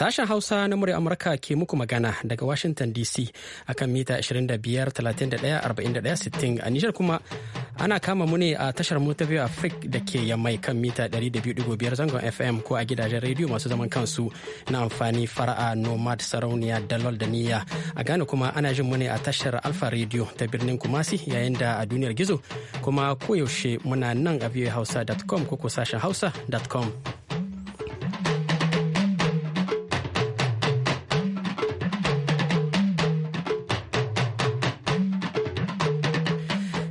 Sashen Hausa na murya Amurka ke muku magana daga Washington DC akan mita 25 31 sittin a Nijar kuma ana kama mu ne a tashar Mota Biyu Afrik da ke yammai kan mita 200.5 zangon FM ko a gidajen rediyo masu zaman kansu na amfani fara'a Nomad Sarauniya Dalol da Niyya. A Ghana kuma ana jin mu ne a tashar Alfa Radio ta birnin Kumasi yayin da a duniyar gizo kuma koyaushe muna nan a viewhausa.com ko sashen hausa.com.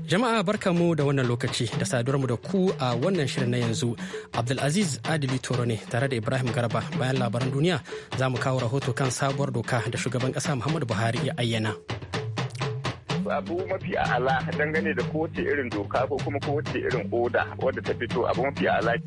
Jama'a barka mu da wannan lokaci da saduwar mu da ku a wannan shirin na yanzu. Abdulaziz Adili Toro ne tare da Ibrahim Garba bayan labaran duniya za mu kawo rahoto kan sabuwar doka da shugaban ƙasa Muhammadu Buhari ya ayyana. abu mafi ala dangane da kowace irin doka ko kuma kowace irin oda wadda ta fito abu mafi ala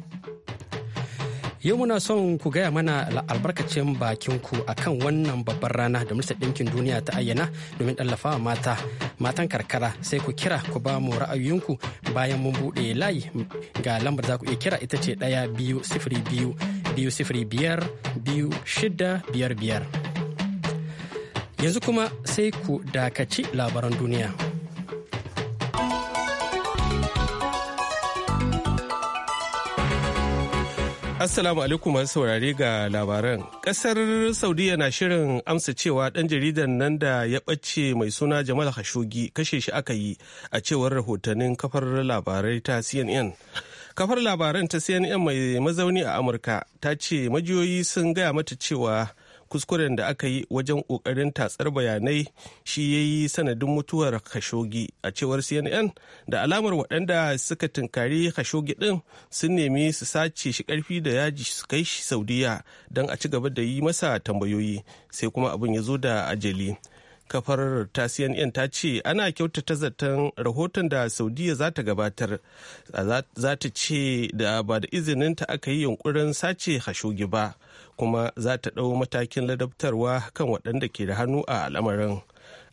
Yau muna son ku gaya mana albarkacin bakinku ku akan wannan babbar rana da Majalisar Ɗinkin Duniya ta ayyana domin tallafawa mata matan karkara sai ku kira ku ba mu ra'ayoyinku bayan mun buɗe layi ga lambar za ku iya kira ita ce ɗaya biyu sifiri biyu biyu sifiri biyar biyu shida biyar biyar. Yanzu kuma sai ku dakaci labaran duniya. Assalamu alaikum masu saurare ga labaran. Kasar Saudiya na shirin amsa cewa ɗan jaridan nan da ya ɓace mai suna Jamal Khashoggi kashe shi aka yi a cewar rahotannin kafar labarai ta CNN. Kafar labaran ta CNN mai mazauni a Amurka ta ce majiyoyi sun gaya mata cewa kuskuren da aka yi wajen ƙoƙarin tatsar bayanai shi ya yi sanadin mutuwar khashoggi a cewar cnn da alamar waɗanda suka tunkari khashoggi ɗin sun nemi su sace shi ƙarfi da yaji su kai shi saudiya don a ci gaba da yi masa tambayoyi sai kuma abin ya zo da ajali kafar ta cnn ta ce ana kyautata zaton rahoton da saudiya za ta gabatar za ta ce da ba da izininta aka yi yunkurin sace khashoggi ba kuma za ta ɗau matakin ladabtarwa kan waɗanda ke da hannu a al'amarin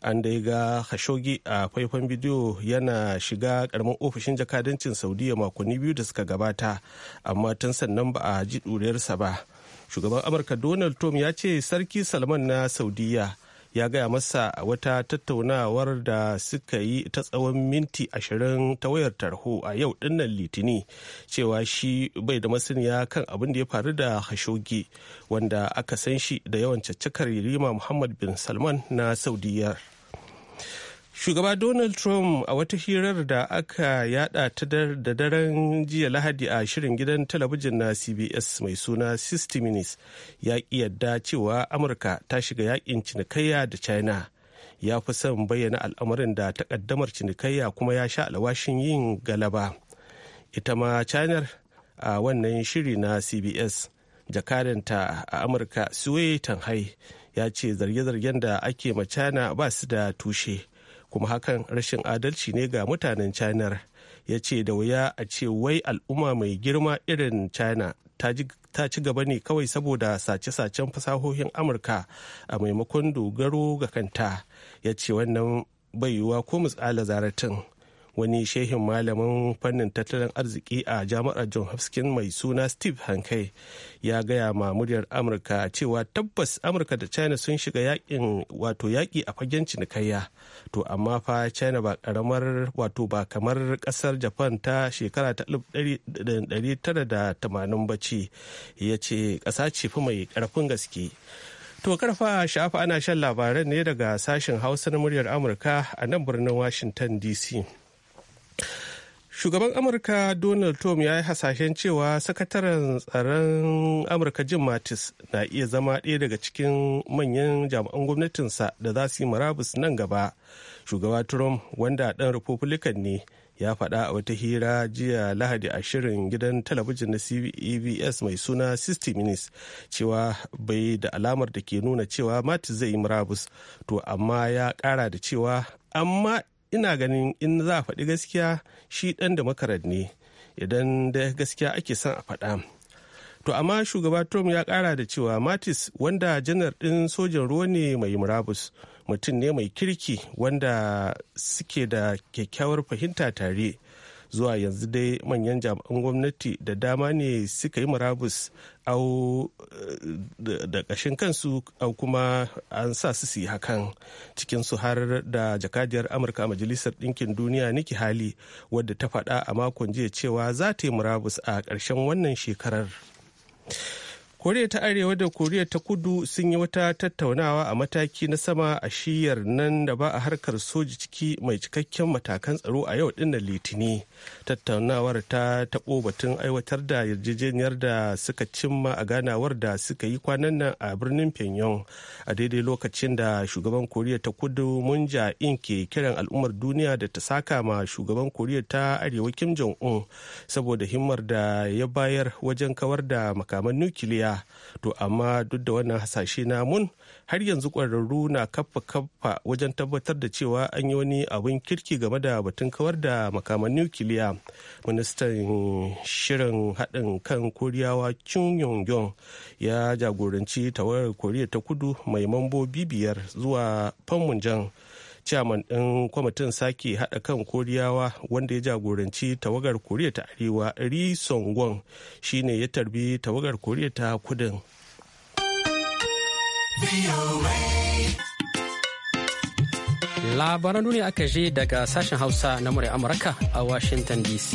an dai ga hashogi a faifan bidiyo yana shiga karamin ofishin jakadancin saudiya makonni biyu da suka gabata amma tun sannan ba a ji ɗuriyarsa ba shugaban amurka donald trump ya ce sarki salman na saudiya ya gaya masa wata tattaunawar da suka yi ta tsawon minti ashirin ta wayar tarho a yau dinnan litini cewa shi bai da masaniya kan abin da ya faru da hashogi wanda aka san shi da yawan caccakar yarima muhammad bin salman na saudiyar Shugaba Donald Trump a wata hirar da aka yada ta da daren jiya Lahadi a shirin gidan talabijin na CBS mai suna 60 Minutes ya yadda cewa Amurka ta shiga yakin cinikayya da China. Ya fi son bayyana al'amarin da takaddamar cinikayya kuma ya sha alwashin yin galaba. Ita ma China a wannan shiri na CBS jakadanta a Amurka Sue Tanhai ya ce zarge-zargen da ake ma China ba su da tushe. kuma hakan rashin adalci ne ga mutanen china ya ce da wuya a ce wai al'umma mai girma irin china ta ci gaba ne kawai saboda sace-sacen fasahohin amurka a maimakon dogaro ga kanta ya ce wannan bai yiwuwa ko misali zaratin wani shehin malamin fannin tattalin arziki a jami'ar john hopkins mai suna steve hankai ya gaya ma muryar amurka cewa tabbas amurka da china sun shiga yakin wato yaki a fagen cinikayya to amma fa china ba karamar wato ba kamar kasar japan ta shekara ta 1980 ba ce ya ce kasa ce fi mai karfin gaske To karfa shafa ana shan labaran ne daga sashen Hausa na muryar Amurka a nan birnin Washington DC. shugaban amurka donald trump ya yi hasashen cewa sakataren tsaron amurka jim mattis na iya zama ɗaya daga cikin manyan jami'an gwamnatinsa da za su yi murabus nan gaba shugaba trump wanda ɗan republican ne ya faɗa a wata hira jiya lahadi a shirin gidan talabijin na cbs mai suna 60 minutes cewa bai da alamar da ke nuna cewa mattis zai yi murabus to amma ya kara da cewa amma ina ganin in za a faɗi gaskiya shi ɗan demokrat ne idan da gaskiya ake son a faɗa to amma shugaba trump ya ƙara da cewa matis wanda janar ɗin sojan ruwa ne mai murabus mutum ne mai kirki wanda suke da kyakkyawar fahimta tare zuwa yanzu dai manyan jami'an gwamnati da dama ne suka yi murabus au eh, da ƙashin kansu au kuma an sa su yi hakan cikinsu har da jakadiyar amurka majalisar ɗinkin duniya niki hali wadda ta faɗa a makon jiya cewa za ta yi murabus a ƙarshen wannan shekarar koriya ta arewa da koriya ta kudu sun yi wata tattaunawa a mataki na sama a shiyar nan da ba a harkar soji ciki mai cikakken matakan tsaro a yau dinnan litini tattaunawar ta taɓo batun aiwatar da yarjejeniyar da suka cimma a ganawar da suka yi kwanan nan a birnin pyongyang a daidai lokacin da shugaban koriya ta kudu mun in ke kiran al'ummar duniya da ta saka ma shugaban koriya ta arewa kim jong un saboda himmar da ya bayar wajen kawar da makaman nukiliya to amma duk da wannan hasashe mun har yanzu kwararru na kafa kafa wajen tabbatar da cewa an yi wani abin kirki game da batun kawar da makaman nukiliya ministan shirin haɗin kan koriyawa chung yong ya jagoranci tawarar koriya ta kudu mai mambobi biyar zuwa panmunjom ciyaman ɗin kwamitin sake haɗa kan koriyawa wanda ya jagoranci tawagar koriya ta arewa ri songwon shine ya tarbi tawagar koriya ta kudin labaran duniya aka je daga sashen hausa na murya amurka a washington dc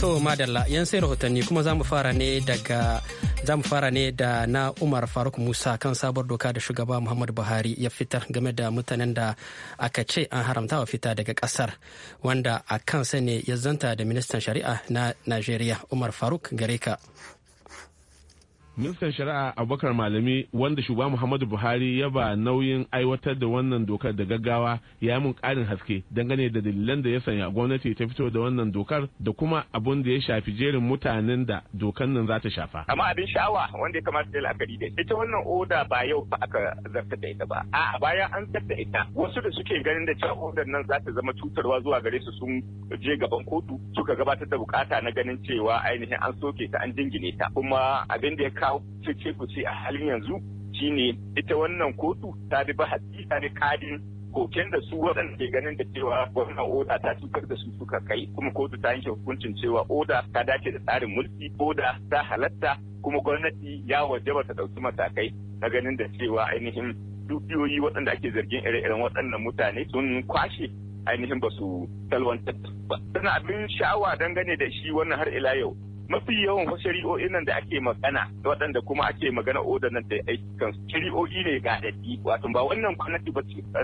to madalla yan sai rahotanni kuma za mu fara ne daga za fara ne da na umar faruk musa kan sabuwar doka da shugaba muhammadu buhari ya fitar game da mutanen da aka ce an haramta wa fita daga kasar wanda a kansa ne ya zanta da ministan shari'a na najeriya umar faruk gareka Ministan Shari'a Abubakar Malami wanda shugaba Muhammadu Buhari ya ba nauyin aiwatar da wannan dokar da gaggawa ya yi mun karin haske dangane da dalilan da ya sanya gwamnati ta fito da wannan dokar da kuma abun da ya shafi jerin mutanen da dokan nan za ta shafa. Amma abin sha'awa wanda ya kamata da la'akari da ita wannan oda ba yau fa aka zarta da ita ba. A bayan an zarta ita wasu da suke ganin da cewa odar nan za ta zama cutarwa zuwa gare su sun je gaban kotu suka gabatar da bukata na ganin cewa ainihin an soke ta an jingine ta kuma abin da ya kawo cece ku ce a halin yanzu shine ita wannan kotu ta bi bahasi ta bi kadin koken da su waɗanda ke ganin da cewa wannan oda ta cutar da su suka kai kuma kotu ta yanke hukuncin cewa oda ta dace da tsarin mulki oda ta halatta kuma gwamnati ya wajaba ta ɗauki matakai na ganin da cewa ainihin dukiyoyi waɗanda ake zargin ire-iren waɗannan mutane sun kwashe ainihin ba su talwantar ba. Sannan abin sha'awa dangane da shi wannan har ila yau mafi yawan wasu shari'o'in nan da ake magana waɗanda kuma ake magana oda nan da aikin shari'o'i ne ga dadi wato ba wannan gwamnati ba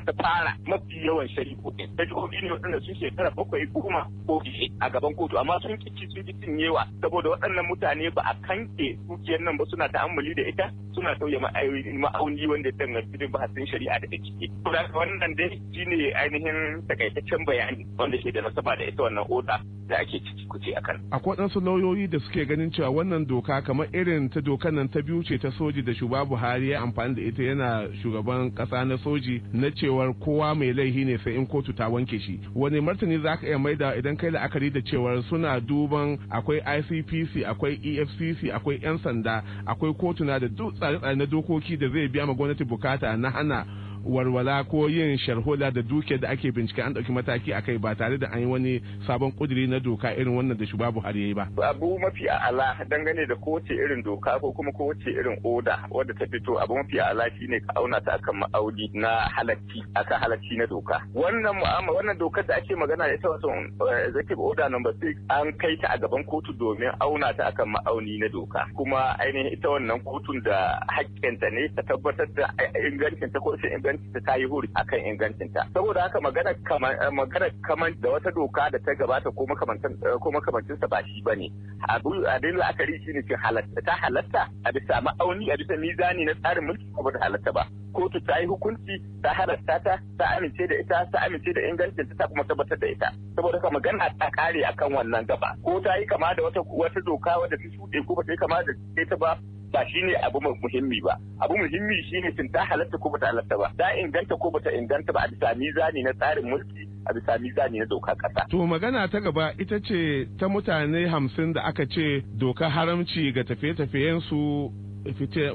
ta fara mafi yawan shari'o'in shari'o'i ne waɗanda sun shekara bakwai goma ko biye. a gaban kotu amma sun kici sun kici yewa saboda waɗannan mutane ba a kanke dukiyar nan ba suna ta'ammali da ita suna sauya ma'auni wanda ya danganci da bahasin shari'a da ciki. da wannan dai shine ainihin takaitaccen bayani wanda ke da nasaba da ita wannan oda da ake ciki kuce akan. Akwai ɗansu lauyoyi yadda suke ganin cewa wannan doka kamar irin ta dokan nan ta biyu ce ta soji da shugaba buhari ya amfani da ita yana shugaban kasa na soji na cewar kowa mai laihi ne sai in kotu ta wanke shi wani martani za ka iya maida idan kai la'akari da cewar suna duban akwai icpc akwai efcc akwai yan sanda akwai kotuna da duk tsare-tsare na dokoki da zai biya ma gwamnati bukata na hana walwala ko yin sharhola da duke da ake bincike an ɗauki mataki a kai ba tare da an yi wani sabon kuduri na doka irin wannan da shugaba Buhari ya ba. Abu mafi ala dangane da kowace irin doka ko kuma kowace irin oda wadda ta fito abu mafi ala shine ka auna ta akan ma'auni na halacci akan halacci na doka. Wannan mu'amala wannan dokar da ake magana ita wato eh, executive order number 6 an kai ta a gaban kotu domin auna ta akan ma'auni na doka kuma ainihin ita wannan kotun da hakkinta ne ta tabbatar da ingancin ta ko ingancin ingancinta ta yi huri akan ingancinta saboda haka magana eh, magana kaman da wata doka da ta gabata ko makamantan eh, ko makamantin sa ba shi bane abin abin la'akari shine ce halatta ta halatta a bisa ma'auni a bisa mizani na tsarin mulki ko ba halatta ba kotu ta yi hukunci ta halatta ta ta amince da ita ta amince da ingancinta ta kuma tabbatar da ita saboda haka magana ta kare akan wannan gaba ko ta yi kama da wata wata doka wadda ta shuɗe ko ba ta yi kama da ita ba ba shi ne abu muhimmi ba abu muhimmi shi ne sun ta halatta ko bata halatta ba ta inganta ko bata inganta ba a bisa mizani na tsarin mulki a bisa mizani na doka kasa to magana ta gaba ita ce ta mutane hamsin da aka ce doka haramci ga tafiye tafiyensu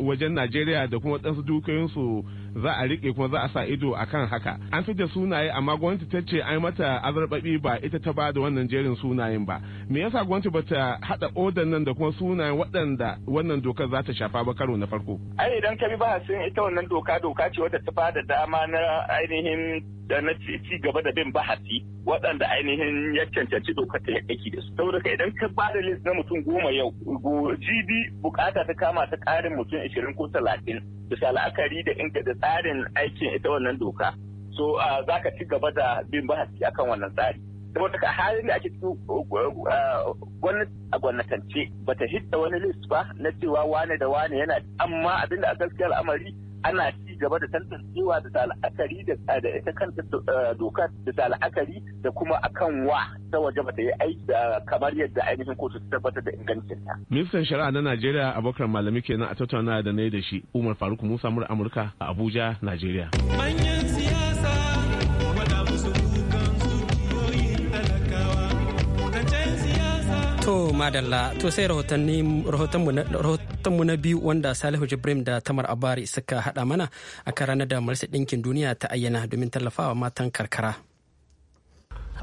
wajen Najeriya da kuma ɗansu dukiyoyinsu za a riƙe kuma za a sa ido a kan haka an fi da sunaye amma gwamnati ta ce ai mata azarbaɓi ba ita ta bada wannan jerin sunayen ba me yasa gwamnati ba ta haɗa odan nan da kuma sunayen waɗanda wannan dokar za ta shafa ba karo na farko ai idan ka bi bahasin ita wannan doka doka ce wadda ta bada dama na ainihin da na ci gaba da bin bahasi waɗanda ainihin ya cancanci dokar ta aiki da su saboda ka idan ka ba da list na mutum goma yau jibi bukata ta kama ta ƙarin mutum ashirin ko talatin bisa la'akari da inda da tsarin aikin ita wannan doka so uh, za ka ci gaba da bin bahasi akan wannan tsari ta ka halin da ake cikin uh, uh, a gwamnatance ba ta hidda wani list ba na cewa wane da wane yana amma abinda a gaskiyar al'amari ana gaba da tantancewa da ta la'akari da ita kanta eh, dokar da ta la'akari da kuma akan wa ta waje ba ta yi aiki eh, kamar yadda ainihin kotu ta tabbatar da ingancinta. Ministan Shari'a na Najeriya Abubakar Malami kenan a tattauna da na da shi Umar Faruk Musa mura Amurka a Abuja, Najeriya. Manyan siyasa To madalla to sai mu na biyu wanda Salihu Jibrim da Tamar Abari suka hada mana a ranar da Majalisar dinkin Duniya ta ayyana domin tallafawa matan karkara.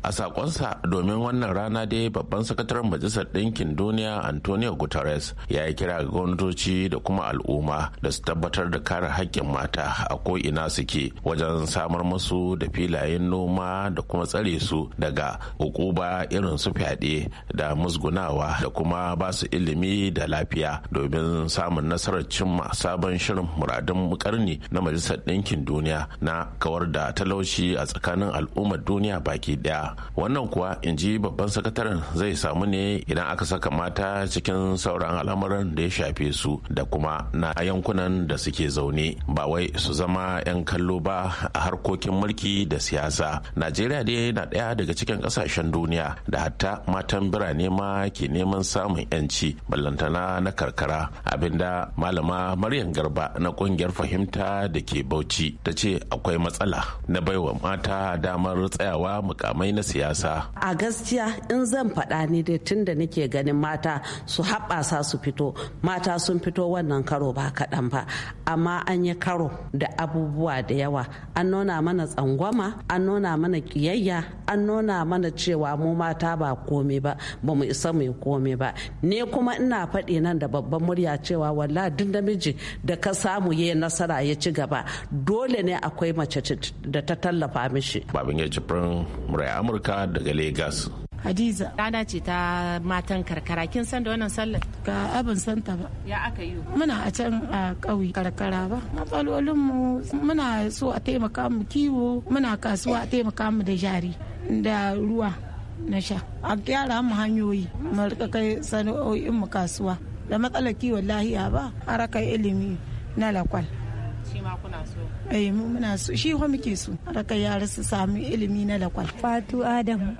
a sakonsa domin wannan rana dai babban sakataren majalisar ɗinkin duniya antonio guterres ya yi kira ga gwamnatoci da kuma al'umma da su tabbatar da kare haƙƙin mata a ko'ina suke wajen samar musu da filayen noma da kuma tsare su daga hukuba irin su fyaɗe da musgunawa da kuma ba su ilimi da lafiya domin samun nasarar cimma sabon shirin muradun karni na majalisar ɗinkin duniya na kawar da talauci a tsakanin al'ummar duniya baki ɗaya wannan kuwa in ji babban sakataren zai samu ne idan aka saka mata cikin sauran al'amuran da ya shafe su da kuma na yankunan da suke zaune ba wai su zama 'yan kallo ba a harkokin mulki da siyasa najeriya dai na ɗaya daga cikin ƙasashen duniya da hatta matan birane ma ke neman samun 'yanci ballantana na karkara abinda malama maryam garba na ƙungiyar fahimta da ke bauchi ta ce akwai matsala na baiwa mata damar tsayawa mukamai na siyasa a gaskiya in zan faɗa ni dai tun da nake ganin mata su haɓasa su fito mata sun fito wannan karo ba kaɗan ba amma an yi karo da abubuwa da yawa an nuna mana tsangwama an nuna mana kiyayya an nuna mana cewa mu mata ba komai ba ba mu isa mu komai ba ne kuma ina faɗi nan da babban murya cewa walla duk namiji da ka samu ya nasara ya ci gaba dole ne akwai mace da ta tallafa mishi babin ya jibrin amurka daga Legas. hadiza rana ce ta matan karkara kin san da wannan sallar ga abin santa ba ya aka yi muna a can a ƙauye karkara ba matsalolin mu muna so a taimaka mu kiwo muna kasuwa a taimaka mu da jari da ruwa na sha a gyara mu hanyoyi mu rika kai sana'o'in mu kasuwa da matsalar kiwon lahiya ba a raka ilimi na lakwal shi ma kuna so eh shi kuma muke so raka yara su samu ilimi na lakwal fatu adam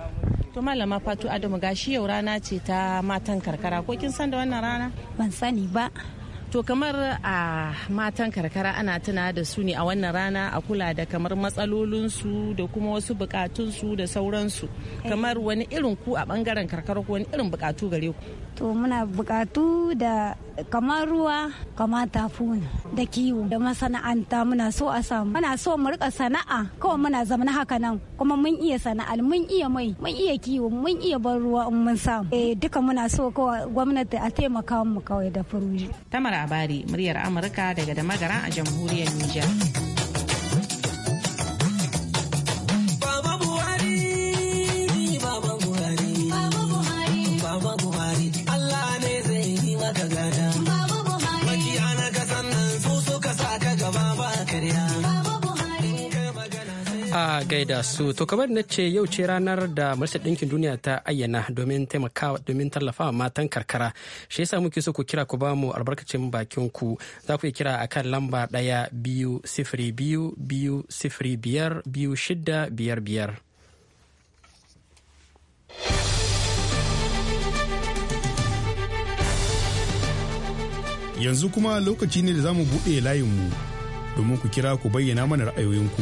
to malama fatu adam gashi yau rana ce ta matan karkara ko kin san da wannan rana ban sani ba to kamar a matan karkara ana tuna da su ne a wannan rana a kula da kamar matsalolinsu da kuma wasu bukatunsu da sauransu eh. kamar wani irin ku a bangaren karkara ko wani irin bukatu gare ku to muna bukatu da kamar ruwa kamar tafuna da kiwo da masana'anta muna so a samu muna so mu rika sana'a kawai muna zama haka nan kuma mun iya sana'a mun iya mai mun iya kiwo mun iya ban ruwa in mun samu eh duka muna so kawai gwamnati a taimaka mu kawai da furuji tamara labari muryar Amurka daga da magara a jamhuriyar Nijar. a gaida su to kamar na ce yau ce ranar da majalisar ɗinkin duniya ta ayyana domin taimakawa domin tallafawa matan karkara shi yasa muke so ku kira ku ba mu albarkacin bakin ku za ku kira akan lamba ɗaya biyu sifiri biyu biyu sifiri biyar biyu shida biyar biyar. Yanzu kuma lokaci ne da za mu buɗe layinmu domin ku kira ku bayyana mana ra'ayoyinku.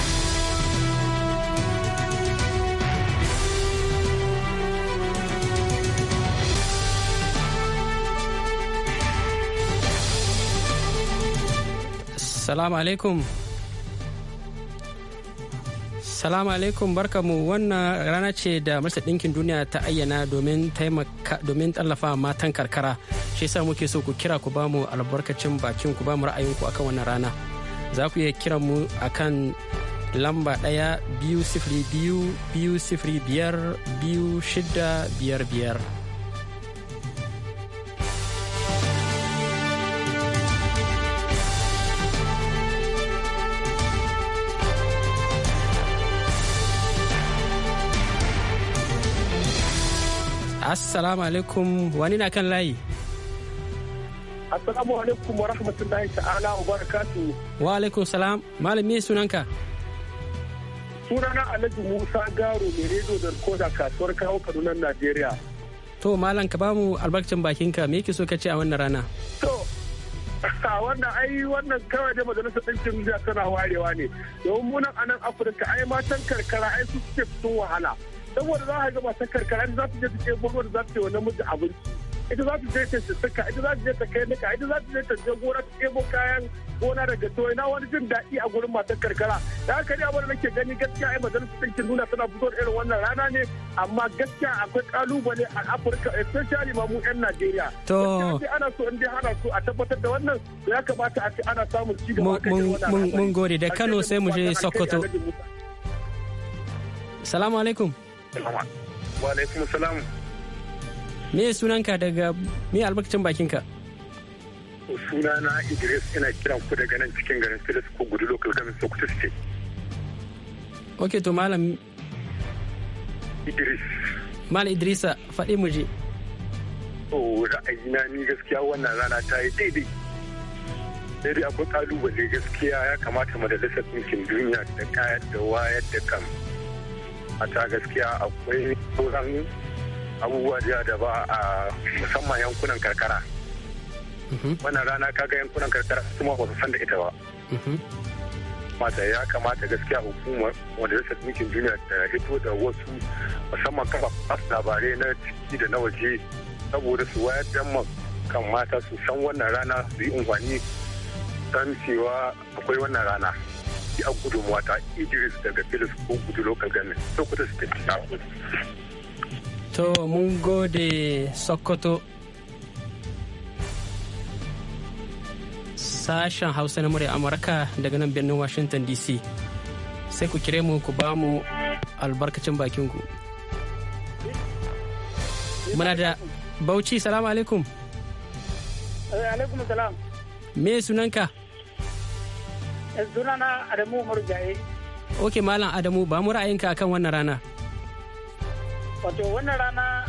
salamu alaikum salamu alaikum barkamu wannan rana ce da majalisar ɗinkin duniya ta ayyana domin tallafa matan karkara shi sa muke so ku kira ku ba mu albarkacin bakin ku ba mu ra'ayinku akan wannan rana za ku iya kiran mu akan lamba ɗaya biyu sifiri biyu biyu sifiri biyar biyu shida biyar biyar Assalamu alaikum wani na kan layi. Assalamu alaikum wa rahmatullahi ta'ala wa barakatu. Wa alaikum salam. malami sunanka? Sunana Alhaji Musa Garo mai rediyo da koda kasuwar kawo Kaduna Najeriya. To malam ka bamu albarkacin bakinka me yake so ka ce a wannan rana? To a wannan ai wannan kawai da majalisar ɗinkin duniya tana warewa ne domin munan a nan afirka ai matan karkara ai su suke fito wahala saboda za a ga masu karkara ita za ta je ta ce gurgur za ta ce wani namiji abinci ita za ta je ta sissika ita za ta je ta kai nika ita za ta je ta je gora ta ɗebo kayan gona daga toyi na wani jin daɗi a gurin matan karkara da haka ne abin da nake gani gaskiya ai majalisar ɗinkin nuna tana fito da irin wannan rana ne amma gaskiya akwai kalubale a afirka especially ma mu yan najeriya to ana so in dai ana so a tabbatar da wannan ya kamata a ce ana samun ci gaba mun gode da kano sai mu je sokoto salamu alaikum Wa alaikum salam. Me sunanka daga me albarkacin bakinka? Suna na Idris ina kiran ku daga nan cikin garin Filis ko gudu local government Sokoto State. Ok to malam Idris. Malam Idrisa faɗi mu je. Oh ra'ayina ni gaskiya wannan rana ta yi daidai. sai dai akwai kalubale gaskiya ya kamata majalisar ɗinkin duniya da kayar da wayar da kan a ta gaskiya akwai sauran abubuwa jiya da ba a musamman yankunan karkara mhm. wannan rana kaga yankunan karkara kuma ba su san da ita ba mhm. mata ya kamata gaskiya hukumar wanda ya ɗinkin duniya ta hito da wasu musamman kafa labarai na ciki da na waje saboda su wayar da kan mata su san wannan rana su yi unguwanni san cewa akwai wannan rana. shi a gudunmuwa ta idris daga philips ko gudu local government sokoto state ta kudu to mun gode sokoto sashen hausa na murya amurka daga nan birnin washington dc sai ku kire mu ku ba mu albarkacin bakinku muna da bauchi salamu alaikum eh, alaikum salam me sunanka Eh, sunana Adamu Umar Ok Malam Adamu ba mu ra'ayinka akan wannan rana. Wato wannan rana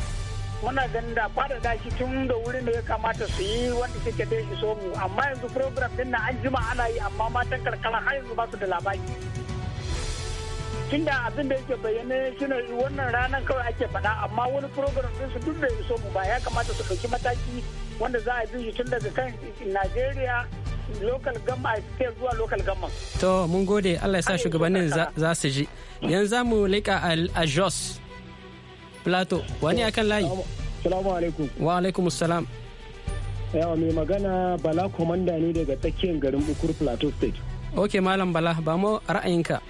muna ganin da fada shi tun da wurin da ya kamata su yi wanda suke dai iso mu amma yanzu program din na an jima ana yi amma matan karkara har yanzu ba su da labari. Tunda abin da yake bayyane shine wannan ranar kawai ake faɗa amma wani program din su duk da iso mu ba ya kamata su ɗauki mataki wanda za a bi shi tun daga kan Najeriya local gamma state zuwa local government. to mun gode Allah ya sa shugabannin za su ji yanzu mu leka a Jos Plato wani akan layi Assalamu alaikum wa alaikum assalam yawa mai magana Bala komanda ne daga tsakiyar garin Bukur Plateau State ok malam Bala ba mu ra'ayinka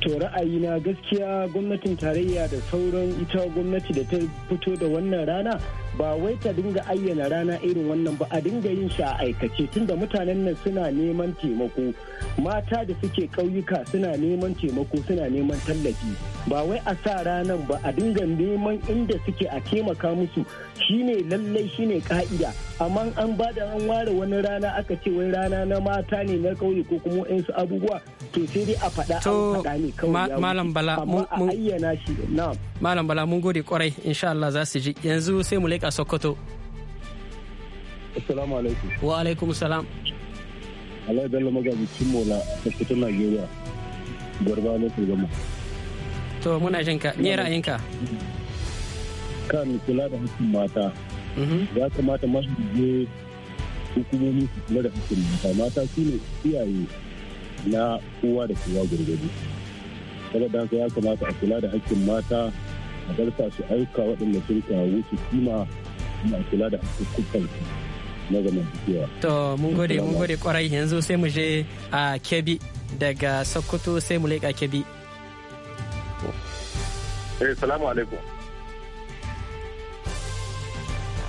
to ra'ayi na gaskiya gwamnatin tarayya da sauran ita gwamnati da ta fito da wannan rana ba wai ta dinga ayyana rana irin wannan ba a dinga yin shi a aikace tunda mutanen nan suna neman taimako mata da suke ƙauyuka suna neman taimako suna neman tallafi ba wai a sa ranan ba a dinga neman inda suke a taimaka musu shine lallai shine ka'ida amma an ba da an ware wani rana aka ce wai rana na mata ne na ƙauye ko kuma su abubuwa to sai dai a faɗa an faɗa ne kawai malam bala mun ayyana shi na malam bala mun gode kwarai insha Allah za su ji yanzu sai mu leƙa a Sokoto. Assalamu alaikum. Wa alaikum salam. Allah Bello magabacin Mola a Sokoto Najeriya. Gwarba ne gama. To muna jin ka, me ra'ayinka? Kan kula da hakkin mata. Mhm. Ya kamata masu je hukumomi su kula da hakkin mata. Mata su ne iyaye na kowa da kowa gurgudu. da haka ya kamata a kula da hakkin mata a darsa su aika waɗanda sun kawo su kima Ana kula da hukukan na zamantakewa. To mun gode mun gode kwarai yanzu sai mu je a Kebbi daga Sokoto sai mu leƙa Kebbi. Eh salamu alaikum.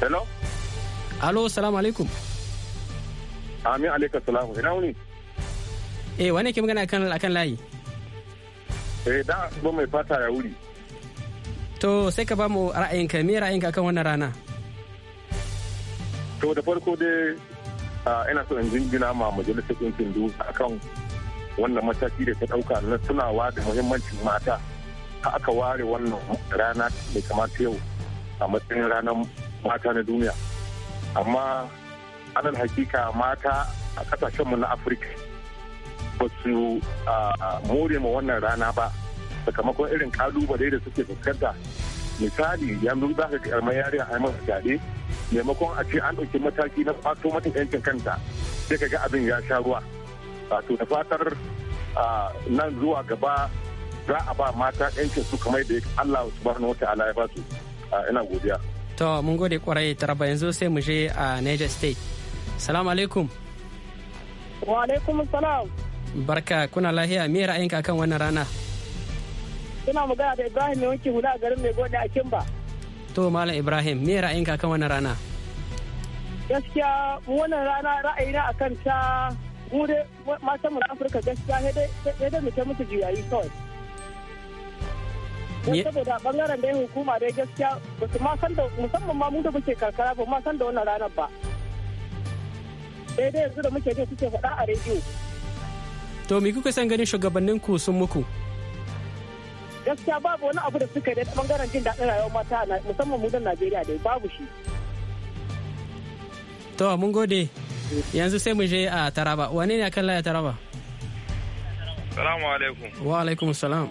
Hello? Alo salamu alaikum. Amin alaika salamu ina wuni. Eh wane ke magana kan akan layi? Eh da ba mai fata ya wuri. To sai ka ba mu ra'ayinka me ra'ayinka kan wannan rana? to da farko dai ina so in jingina ma majalisar ɗinkin a kan wannan mataki da ta ɗauka na tunawa da muhimmancin mata aka ware wannan rana da kamata yau a matsayin ranar mata na duniya amma anan hakika mata a kasashenmu na afirka ba su more ma wannan rana ba sakamakon irin kalubale da suke fuskanta misali yanzu za ka yarmar yari a haimar fyaɗe maimakon a ce an ɗauki mataki na fato mata yankin kanta sai ka ga abin ya sha ruwa wato da fatar nan zuwa gaba za a ba mata yankin su kamar da Allah subhanahu wata'ala ya ba su ina godiya to mun gode kwarai taraba yanzu sai mu je a Niger State salamu alaikum wa alaikum salam barka kuna lahiya me ra'ayinka kan wannan rana ina magana da Ibrahim mai wanki hula a garin Mai Gode a Kimba to malam ibrahim me ra'ayinka kan wannan rana gaskiya wannan rana ra'ayina kan ta mu dai matan mu na afirka gaskiya ne dai mutum mutu musu juyayi kawai don saboda bangaren da hukuma dai gaskiya ba su ma san da musamman ma mu da muke karkara ba ma san da wannan ranar ba daidai yanzu da muke jin suke faɗa a rediyo to me kuka san ganin shugabannin sun muku gaskiya babu wani abu da suka da bangaren jin daɗin rayuwar mata musamman mu dan Najeriya dai babu shi to mun gode yanzu sai mu je a Taraba wane ne akan laya Taraba Salamu alaikum wa alaikum salam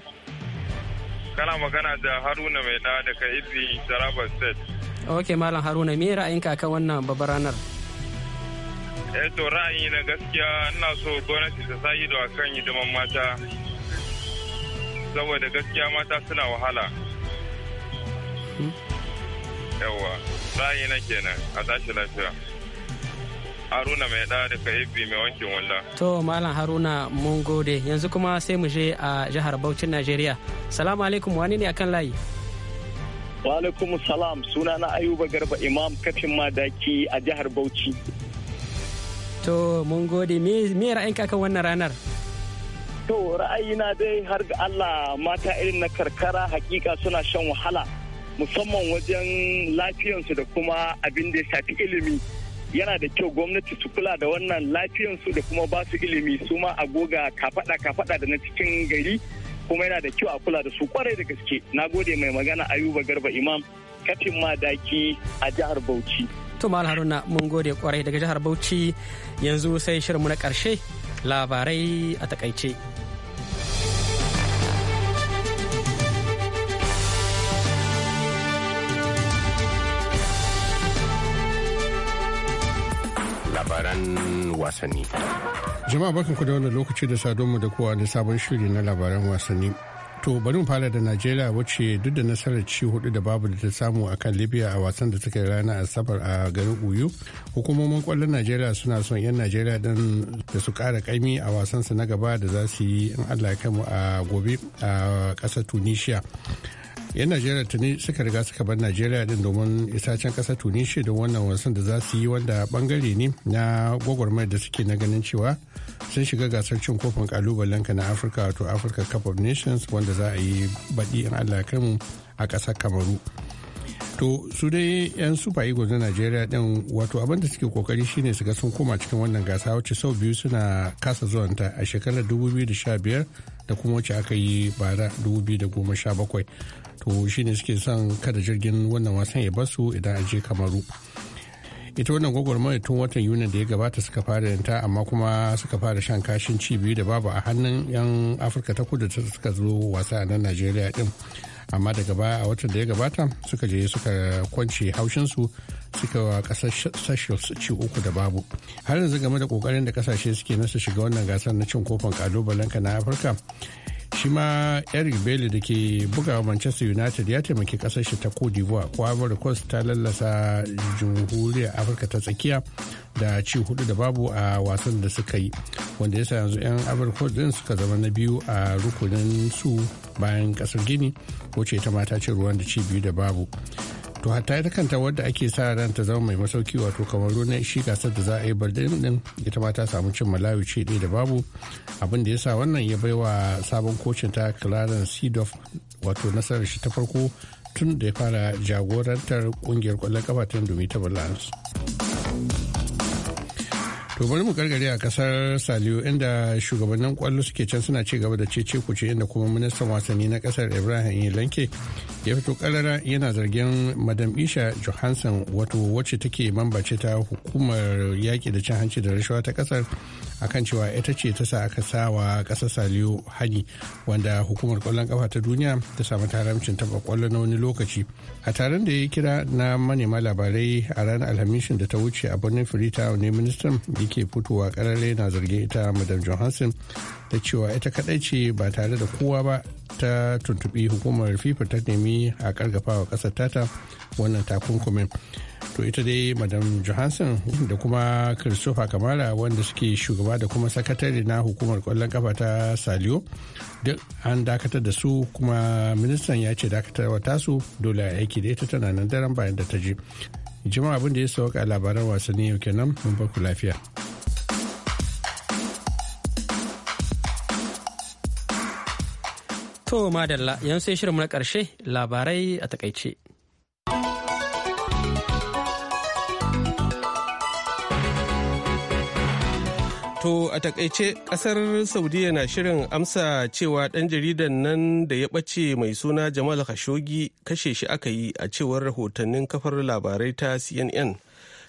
kana magana da Haruna mai da daga Ibi Taraba State ok malam Haruna me ra'ayinka kan wannan babbar ranar eh to ra'ayi na gaskiya ina so gwamnati ta sa ido akan hidiman mata saboda gaskiya mata suna wahala yawa ra'ayi na kenan a tashi lafiya haruna mai da daga ibi mai wankin wanda. to malam haruna mun gode yanzu kuma sai mu je a jihar Bauchin Najeriya salamu alaikum wani ne akan layi wa alaikum salam suna na ayuba garba imam kafin madaki a jihar Bauchi to mun gode me ra'ayinka kakan wannan ranar To ra'ayina dai har ga Allah mata irin na karkara hakika suna shan wahala musamman wajen lafiyansu da kuma abin da ya shafi ilimi. Yana da kyau gwamnati su kula da wannan lafiyansu da kuma basu ilimi su ma a goga kafada kafada da na cikin gari kuma yana da kyau a kula da su kwarai da gaske. Na gode mai magana Ayuba Garba Imam kafin madaki a jihar Bauchi. To Haruna mun gode kwarai daga jihar Bauchi yanzu sai shirinmu na karshe. labarai a takaice labaran wasanni jama'a barkanku da wannan lokaci da sadonmu da kowa da sabon shiri na labaran wasanni To bari mu fara da Najeriya wacce duk da nasarar ci hudu da babu da ta samu a kan Libya a wasan da suka yi ranar Asabar a garin Uyu. Hukumomin kwallon Najeriya suna son 'yan Najeriya don da su kara kaimi a wasan su na gaba da za su yi in Allah ya mu a gobe a ƙasar Tunisia. 'yan najeriya tuni suka riga suka bar najeriya din domin isa can kasar tunisia don wannan wasan da za su yi wanda bangare ne na gwagwarmayar da suke na ganin cewa sun shiga gasar cin kofin kalubalen ka na afirka wato africa cup of nations wanda za a yi baɗi in allah kan a ƙasar kamaru to su dai yan super eagles na nigeria din wato abinda suke kokari shine su ga sun koma cikin wannan gasa wacce sau biyu suna kasa zuwanta a shekarar 2015 da kuma wacce aka yi bara 2017 to shine suke son kada jirgin wannan wasan ya basu idan a je kamaru ita wannan gwagwarmaya tun watan yuni da ya gabata suka fara yanta amma kuma suka fara shan kashin ci biyu da babu a hannun yan afirka ta kudu suka zo wasa a nan najeriya din amma daga baya a watan da ya gabata suka je suka kwance haushinsu suka wa kasar seychelles ci uku da babu har yanzu game da kokarin da kasashe suke nasa shiga wannan gasar na cin kofin kalubalen ka na afirka shi ma eric bailey da ke buga manchester united ya taimaki kasar shi ta cote kwabar coast ta lallasa jamhuriyar afirka ta tsakiya da ci hudu da babu a wasan da suka yi wanda ya sa yanzu 'yan afirka din suka zama na biyu a rukunin su bayan kasar gini wacce ta mata ce ruwan da ci biyu da babu to hatta ita kanta wadda ake sa ran ta zama mai masauki wato kamaru na shi gasar da za a yi bardin din ita ma ta samu cin malawi ce da babu abin da ya sa wannan ya baiwa sabon kocin ta clarence seedorf wato nasarar shi ta farko tun da ya fara jagorantar kungiyar kwallon kafa ta domin ta balance to bari mu gargare a kasar saliyo inda shugabannin kwallo suke can suna ci gaba da cece kuce inda kuma ministan wasanni na kasar ibrahim lanke ya fito karara yana zargin madam isha johansson wato wacce take mambace ta hukumar yaƙi da cin hanci da rashawa ta kasar a kan cewa ita ce ta sa aka sawa ƙasar saliyo hani wanda hukumar kwallon kafa ta duniya ta samu taramcin taba kwallo na wani lokaci a taron da ya yi kira na manema labarai a ranar alhamishin da ta wuce a birnin firita ne ministan yake fitowa karare na zargin ita madam johansson da cewa ita kaɗai ce ba tare da kowa ba ta tuntubi hukumar fifa ta nemi a kargafawa kasar tata wannan takunkumin to ita dai madam johansson da kuma christopher kamara wanda suke shugaba da kuma sakatare na hukumar kwallon kafa ta saliyo duk an dakatar da su kuma ministan ya ce dakatarwa tasu dole a aiki da ita tana nan daren bayan da ta je jima abin da ya sauka labaran wasanni yau kenan mun ku lafiya to madalla yan sai shirin na karshe labarai a takaice To a takaice kasar Saudiya na shirin amsa cewa ɗan jaridan nan da ya ɓace mai suna Jamal Khashoggi kashe shi aka yi a cewar rahotannin kafar labarai ta CNN.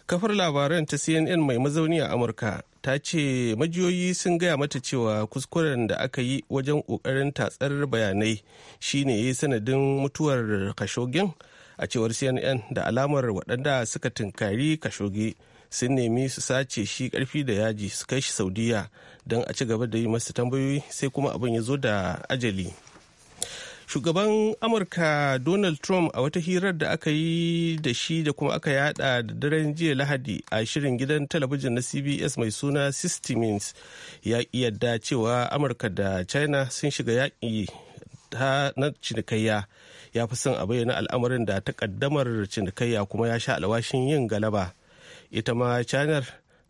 Kafar labaran ta CNN mai mazauni a Amurka ta ce majiyoyi sun gaya mata cewa kuskuren da aka yi wajen ƙoƙarin tatsar bayanai shine ya sanadin mutuwar Khashoggin a cewar CNN da alamar waɗanda suka tunkari Khashoggi. sun nemi su sace shi karfi da yaji su kai shi saudiya don a ci gaba da yi masa tambayoyi sai kuma abin ya zo da ajali shugaban amurka donald trump a wata hirar da aka yi da shi da kuma aka yada da daren jiya lahadi a shirin gidan talabijin na cbs mai suna 60 minutes ya yadda cewa amurka da china sun shiga yaƙi na cinikayya ya fi son a bayyana al'amarin da ta takaddamar cinikayya kuma ya sha alwashin yin galaba ita ma canar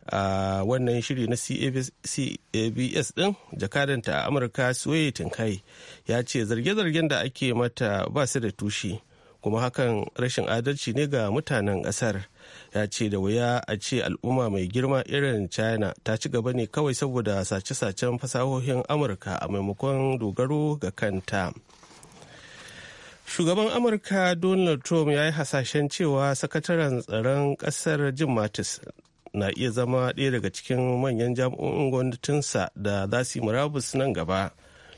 a wannan shiri na cabs din jakadanta a amurka soye tinkai ya ce zarge-zargen da ake mata ba su da tushe kuma hakan rashin adalci ne ga mutanen ƙasar ya ce da wuya a ce al'umma mai girma irin china ta ci gaba ne kawai saboda sace-sacen fasahohin amurka a maimakon dogaro ga kanta shugaban amurka donald trump ya yi hasashen cewa sakataren tsaron ƙasar jim mattis na iya zama ɗaya daga cikin manyan jami'o'in gwamnatinsa da za su yi murabus nan gaba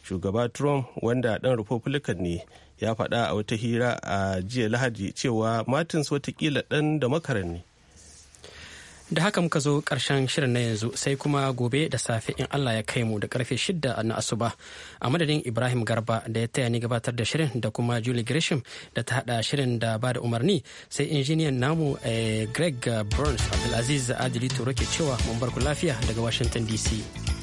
shugaba trump wanda ɗan republican ne ya faɗa a wata hira a jiya lahadi cewa martins watakila ɗan da makaranni da haka muka zo karshen shirin na yanzu sai kuma gobe da safe in allah ya kai mu da karfe shida na asuba a madadin ibrahim garba da ya taya ni gabatar da shirin da kuma julie gresham da ta hada shirin da ba da umarni sai injiniyan namu eh, greg burns abdulaziz adili turo ke cewa mun bar ku lafiya daga washington dc